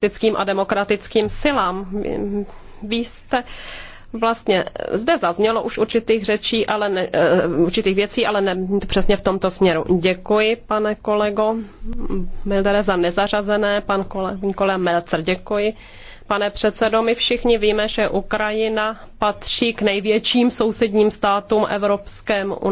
politickým a demokratickým silám. Vy jste vlastně zde zaznělo už určitých řečí, ale ne, eh, určitých věcí, ale ne přesně v tomto směru. Děkuji, pane kolego Mildere, za nezařazené, pan kole, kolega Melcer, děkuji. Pane předsedo, my všichni víme, že Ukrajina patří k největším sousedním státům Evropské unie.